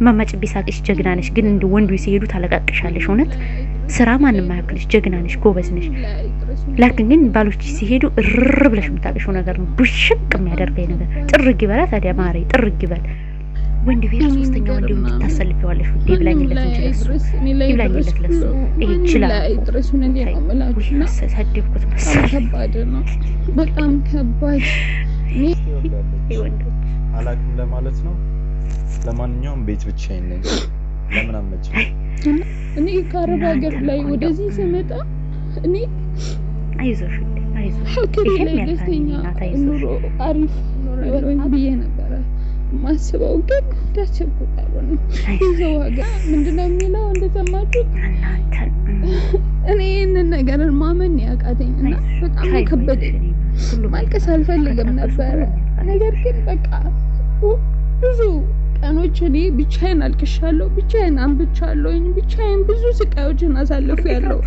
እማማ ጭቤ ሳቅሽ፣ ጀግና ነሽ። ግን እንደ ወንዱ ሲሄዱ ታለቃቅሻለሽ። እውነት ስራ ማንም አያክልሽ። ጀግና ነሽ፣ ጎበዝ ነሽ። ላክን ግን ባሎች ሲሄዱ እርር ብለሽ የምታቅሽው ነገር ነው። ብሽቅ የሚያደርገኝ ነገር ጥርግ ይበላ። ታዲያ ማሬ ጥርግ ይበል። ወንድ ቤት ሶስተኛ ወንድ እንድታሰልፊዋለሽ ውዴ ብላኝለት እንጂ ለሱ ይብላኝለት ለሱ ይሄ ይችላል። ሰደብኩት መሰለኝ። በጣም ከባድ ወንዶች አላቅም ለማለት ነው። ለማንኛውም ቤት ብቻዬን ነኝ። ለምን አመች እኔ ከአረብ ሀገር ላይ ወደዚህ ስመጣ እኔ አይዞሽ አይዞሽ ላይ ደስተኛ ኑሮ አሪፍ ኖራለሁኝ ብዬ ነበረ ማስበው ግን እንዳስቸኩታሉ ነው። ይዘው ሀገር ምንድነው የሚለው እንደሰማችሁት እኔ ይህንን ነገርን ማመን ያቃተኝ እና በጣም ከበደኝ። ማልቀስ አልፈልግም ነበረ ነገር ግን በቃ ብዙ ቀኖች እኔ ብቻዬን አልቅሻለሁ፣ ብቻዬን አንብቻለሁኝ፣ ብቻዬን ብዙ ስቃዮችን አሳልፉ ያለው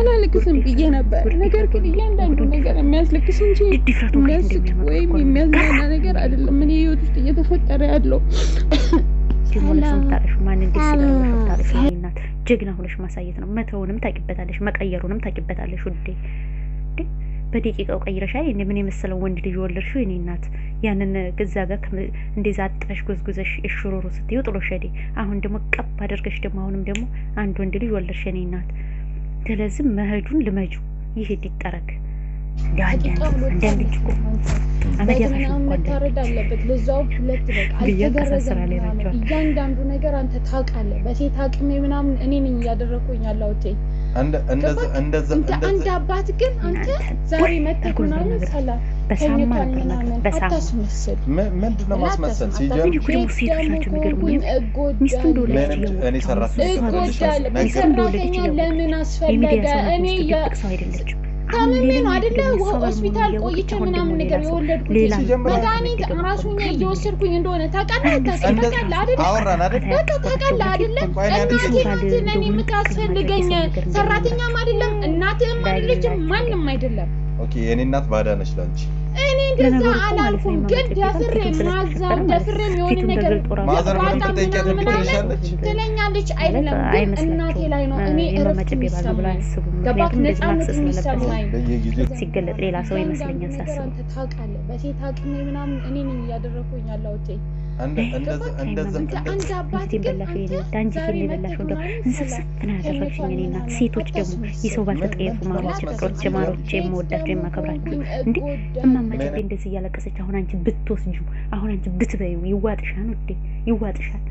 አላልቅስም ብዬ ነበር። ነገር ግን እያንዳንዱ ነገር የሚያስለቅስ እንጂ የሚያስቅ ወይም የሚያዝናና ነገር አይደለም። እኔ ህይወት ውስጥ እየተፈጠረ ያለው ጀግና ሆነሽ ማሳየት ነው። መተውንም ታቂበታለሽ፣ መቀየሩንም ታቂበታለሽ ውዴ በደቂቃው ቀይረሻል እንዴ? ምን የመሰለው ወንድ ልጅ ወለድሽው? የኔ እናት ያንን ግዛ በክ እንደዛ አጥረሽ ጎዝጉዘሽ እሽሮሮ ስትዩ ጥሎ ሸዴ። አሁን ደግሞ ቀብ አድርገሽ ደግሞ አሁንም ደግሞ አንድ ወንድ ልጅ ወለድሽ የኔ እናት። ስለዚህ መሄዱን ልመጁ ይሄድ ይጠረግ መታረድ አለበት። እያንዳንዱ ነገር አንተ ታውቃለህ። በሴት አቅሜ ምናምን እኔ ነኝ እያደረኩኝ ያለሁት እንደ አባት ግን አንተ ዛሬ መተህ ሰላም ለምን አስፈለገ? እኔ ታምሜ ነው አይደለ ሆስፒታል ቆይቼ ምናምን ነገር የወለድኩት መድኃኒት እየወሰድኩኝ እንደሆነ የምታስፈልገኝ ሰራተኛም አይደለም አይደለችም ማንም አይደለም። ኦኬ እናት ባዳ ነች ላንቺ እንደዛ አላልኩም፣ ግን ደፍሬ ደፍሬ የሆነ ነገር ምናምን ትለኛለች። አይደለም ግን እናቴ ላይ ነው እኔ እረፍት የሚሰማኝ ነፃነት የሚሰማኝ ሲገለጥ ሌላ ሰው ይመስለኛል ሳስበው ታውቃለህ በሴት አቅሜ ምናምን እያደረኩኝ ሴቶች ደግሞ የሰው ባልተጠየፉ ማሮች ፍቅሮች ማሮች የምወዳቸው እማማጨቤ እንደዚህ እያለቀሰች አሁን አንቺ ብትወስጁ አሁን አንቺ ብትበዩ ይዋጥሻል ውዴ ይዋጥሻል።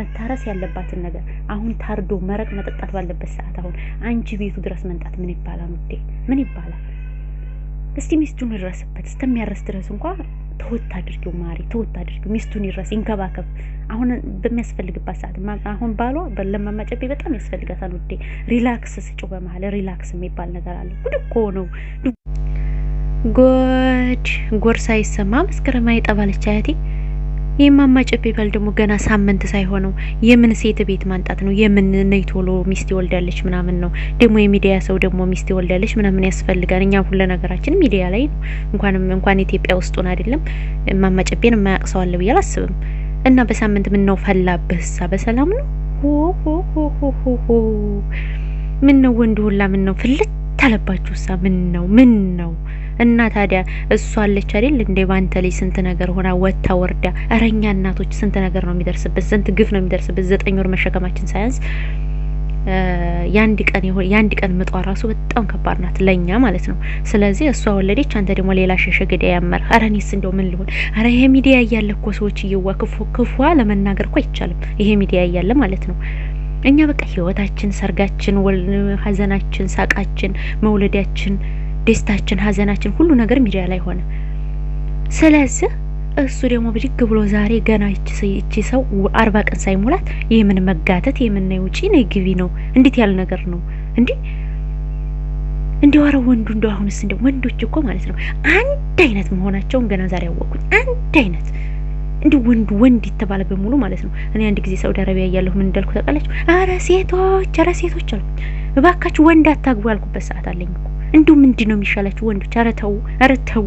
መታረስ ያለባትን ነገር አሁን ታርዶ መረቅ መጠጣት ባለበት ሰዓት አሁን አንቺ ቤቱ ድረስ መንጣት ምን ይባላል ውዴ? ምን ይባላል? እስቲ ሚስቱን ይድረስበት። እስከሚያረስ ድረስ እንኳ ተወት አድርጊው ማሪ ተወት አድርጊው፣ ሚስቱን ይረስ ይንከባከብ። አሁን በሚያስፈልግባት ሰዓት አሁን ባሏ ለማማጨቤ በጣም ያስፈልጋታል። ውዴ ሪላክስ ስጩ። በመሀል ሪላክስ የሚባል ነገር አለ። ጉድ እኮ ነው ጎድ ጎር ሳይሰማ መስከረም አይጠባለች አያቴ የማማ ጨቤ ባል ደግሞ ገና ሳምንት ሳይሆነው የምን ሴት ቤት ማንጣት ነው? የምን ነይ ቶሎ ሚስት ይወልዳለች ምናምን ነው ደግሞ የሚዲያ ሰው ደግሞ ሚስት ይወልዳለች ምናምን ያስፈልጋል። እኛ ሁሉ ነገራችን ሚዲያ ላይ ነው። እንኳንም እንኳን ኢትዮጵያ ውስጡን አይደለም እማማ ጨፌን የማያውቅ አለ ብዬ አላስብም። እና በሳምንት ምን ነው ፈላብህ? ሳ በሰላም ነው? ሆ ሆ ሆ ሆ ሆ ምን ነው ወንድ ሁላ ምን ነው ፍልት አለባችሁ? ሳ ምን ነው ምን ነው እና ታዲያ እሷ አለች አይደል እንዴ ባንተ ላይ ስንት ነገር ሆና ወታ ወርዳ። ኧረ እኛ እናቶች ስንት ነገር ነው የሚደርስበት፣ ስንት ግፍ ነው የሚደርስበት። ዘጠኝ ወር መሸከማችን ሳያንስ የአንድ ቀን ይሁን የአንድ ቀን ምጧ ራሱ በጣም ከባድ ናት ለኛ ማለት ነው። ስለዚህ እሷ ወለደች፣ አንተ ደግሞ ሌላ ሸሸ ግዳ ያመር። ኧረ እኔስ እንደው ምን ልሆን? አረ ይሄ ሚዲያ እያለ እኮ ሰዎች እየዋ ክፏ ለመናገር እኮ አይቻልም። ይሄ ሚዲያ እያለ ማለት ነው። እኛ በቃ ህይወታችን፣ ሰርጋችን፣ ሀዘናችን፣ ሳቃችን፣ መውለዳችን ደስታችን፣ ሀዘናችን ሁሉ ነገር ሚዲያ ላይ ሆነ። ስለዚህ እሱ ደግሞ ብድግ ብሎ ዛሬ ገና ይቺ ሰው አርባ ቀን ሳይሞላት የምን መጋተት የምን ነይ ውጪ ነይ ግቢ ነው እንዴት ያለ ነገር ነው እንዴ! እንዲህ አረ ወንዱ እንደ አሁንስ እንደ ወንዶች እኮ ማለት ነው አንድ አይነት መሆናቸውን ገና ዛሬ ያወቅኩኝ። አንድ አይነት እንዲ ወንዱ ወንድ የተባለ በሙሉ ማለት ነው። እኔ አንድ ጊዜ ሳውዲ አረቢያ እያለሁ ምን እንዳልኩ ታውቃላችሁ? አረ ሴቶች፣ አረ ሴቶች አልኩ። እባካችሁ ወንድ አታግቡ ያልኩበት ሰዓት አለኝ እኮ እንዲሁ ምንድ ነው የሚሻላችሁ ወንዶች? አረተው አረተው ኧረ ተው።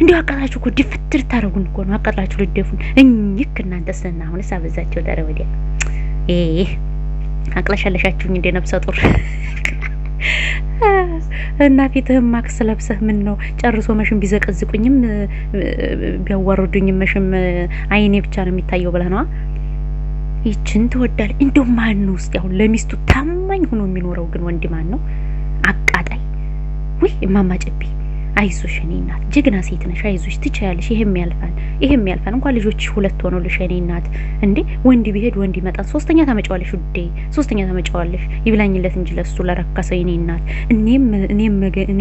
እንዲሁ አቃላችሁ እኮ ድፍትር ታደረጉን እኮ ነው። አቃላችሁ ልደፉን እኝክ እናንተ ስና አሁን አበዛቸው። ዳረ ወዲያ ኤ አቅለሻለሻችሁኝ እንደ ነብሰ ጡር እና ፊትህም ማክስ ለብሰህ ምን ነው ጨርሶ መሽም ቢዘቀዝቁኝም ቢያዋርዱኝም መሽም አይኔ ብቻ ነው የሚታየው ብለህ ነዋ። ይችን ትወዳል። እንደው ማን ነው ውስጥ ያሁን ለሚስቱ ታማኝ ሆኖ የሚኖረው ግን ወንድ ማን ነው? አቃጣይ ውይ እማማ ጨቤ አይዞሽ እኔ እናት ጀግና ሴት ነሽ፣ አይዞሽ ትችያለሽ፣ ይሄም ያልፋል፣ ይሄም ያልፋል። እንኳን ልጆች ሁለት ሆኖልሽ እኔ እናት። እንዴ ወንድ ቢሄድ ወንድ ይመጣል። ሶስተኛ ታመጫዋለሽ ውዴ፣ ሶስተኛ ታመጫዋለሽ። ይብላኝለት እንጂ ለሱ ለረካ ሰው እኔ እናት። እኔ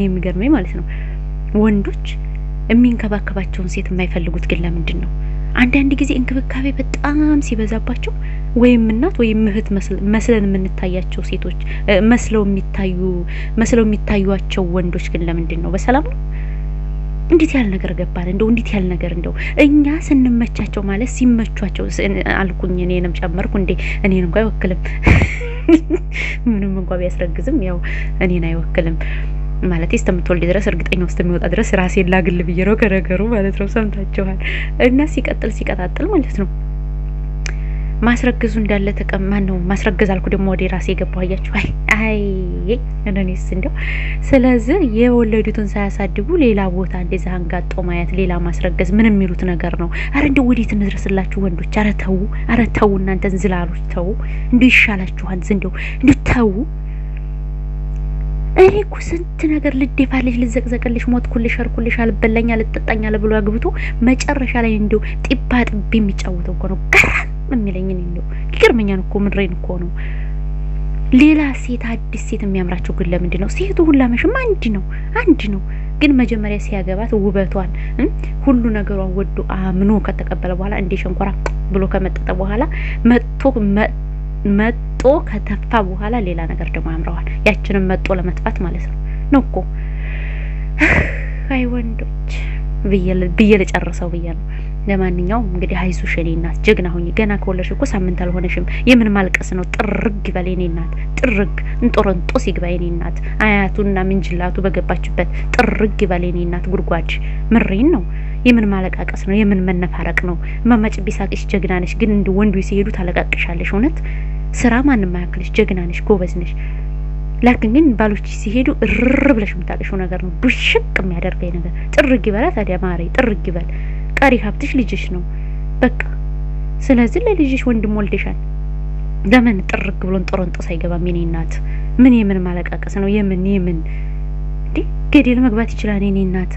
የሚገርመኝ ማለት ነው ወንዶች የሚንከባከባቸውን ሴት የማይፈልጉት ግን ለምንድን ነው? አንዳንድ ጊዜ እንክብካቤ በጣም ሲበዛባቸው ወይም እናት ወይም እህት መስለን የምንታያቸው ሴቶች መስለው የሚታዩ መስለው የሚታዩቸው ወንዶች ግን ለምንድን ነው? በሰላም ነው? እንዴት ያህል ነገር ገባን? እንደው እንዴት ያህል ነገር እንደው እኛ ስንመቻቸው ማለት ሲመቿቸው አልኩኝ፣ እኔንም ጨመርኩ እንዴ። እኔን እንኳ አይወክልም፣ ምንም እንኳ ቢያስረግዝም ያው እኔን አይወክልም ማለት እስከምትወልድ ድረስ እርግጠኛ ውስጥ የሚወጣ ድረስ ራሴን ላግል ብዬ ነው ከነገሩ ማለት ነው። ሰምታችኋል። እና ሲቀጥል ሲቀጣጥል ማለት ነው ማስረገዙ እንዳለ ተቀማ ነው። ማስረገዝ አልኩ ደግሞ ወደ ራሴ የገባሁ አያችሁ። አይ አይ እኔስ እንደው ስለዚህ የወለዱትን ሳያሳድጉ ሌላ ቦታ እንደዚህ አንጋጦ ማየት ሌላ ማስረገዝ ምን የሚሉት ነገር ነው? አረ እንደው ወዴት እንድረስላችሁ ወንዶች! አረ ተዉ፣ አረ ተዉ፣ እናንተ ዝላሎች ተዉ፣ እንዲ ይሻላችኋል። እንደው እንዲ ተዉ። እኔ እኮ ስንት ነገር ልደፋልሽ፣ ልዘቅዘቅልሽ፣ ሞትኩልሽ፣ እርኩልሽ፣ አልበላኝ፣ አልጠጣኝ አለ ብሎ አግብቶ መጨረሻ ላይ እንደው ጢባ ጥቢ የሚጫወተው እኮ ነው። ነው የሚለኝ እኔ ነው ይገርመኛል እኮ ምድሬን እኮ ነው ሌላ ሴት አዲስ ሴት የሚያምራቸው ግን ለምንድን ነው ሴቱ ሁላ አንድ ነው አንድ ነው ግን መጀመሪያ ሲያገባት ውበቷን ሁሉ ነገሯን ወዶ አምኖ ከተቀበለ በኋላ እንዴ ሸንኮራ ብሎ ከመጠጠ በኋላ መጥቶ መጦ ከተፋ በኋላ ሌላ ነገር ደግሞ ያምረዋል ያችንም መጦ ለመጥፋት ማለት ነው ነው እኮ አይ ወንዶች ብዬ ልጨርሰው ብዬ ነው ለማንኛውም እንግዲህ አይዞሽ የኔ እናት ጀግና ሁኝ። ገና ከወለሽ እኮ ሳምንት አልሆነሽም። የምን ማልቀስ ነው? ጥርግ ይበል የኔ እናት፣ ጥርግ እንጦረንጦስ ይግባ የኔ እናት። አያቱና ምንጅላቱ በገባችበት ጥርግ ይበል የኔ እናት። ጉድጓድ ምሬን ነው። የምን ማለቃቀስ ነው? የምን መነፋረቅ ነው? መማጭ ቢሳቅሽ ጀግና ነሽ፣ ግን እንዲ ወንዱ ሲሄዱ ታለቃቅሻለሽ። እውነት ስራ ማንም ማያክልሽ ጀግና ነሽ፣ ጎበዝ ነሽ። ላክን ግን ባሎች ሲሄዱ እርር ብለሽ የምታቅሽው ነገር ነው። ብሽቅ የሚያደርገኝ ነገር ጥርግ ይበላ። ታዲያ ማሬ ጥርግ ይበል። ቀሪ ሀብትሽ ልጅሽ ነው። በቃ ስለዚህ ለልጅሽ ወንድም ወልደሻል። ለምን ጥርግ ብሎን ጦረንጦ አይገባም? የኔ እናት ምን የምን ማለቃቀስ ነው? የምን የምን እንዴ ገደል መግባት ይችላል የኔ እናት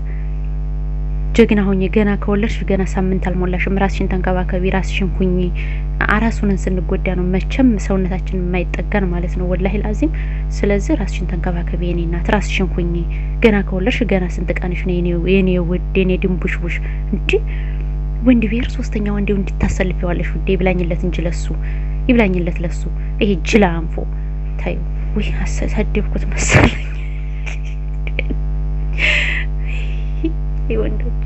ጀግና ሁኝ። ገና ከወለድሽ ገና ሳምንት አልሞላሽም። ራስሽን ተንከባከቢ፣ ራስሽን ሁኚ። አራሱንን ስንጎዳ ነው መቼም ሰውነታችን የማይጠጋን ማለት ነው። ወላሂ አዚም። ስለዚህ ራስሽን ተንከባከቢ የኔ እናት፣ ራስሽን ሁኚ። ገና ከወለድሽ ገና ስንት ቀንሽ ነው የኔ ውድ፣ የኔ ድንቡሽቡሽ እንጂ ወንድ ብሄር ሶስተኛ ወንዴው እንድታሰልፊዋለሽ ውዴ። ይብላኝለት እንጂ ለሱ ይብላኝለት፣ ለሱ ይሄ ጅላ አንፎ ታዩ። ወይ አሰደብኩት መሰለኝ ወንዶች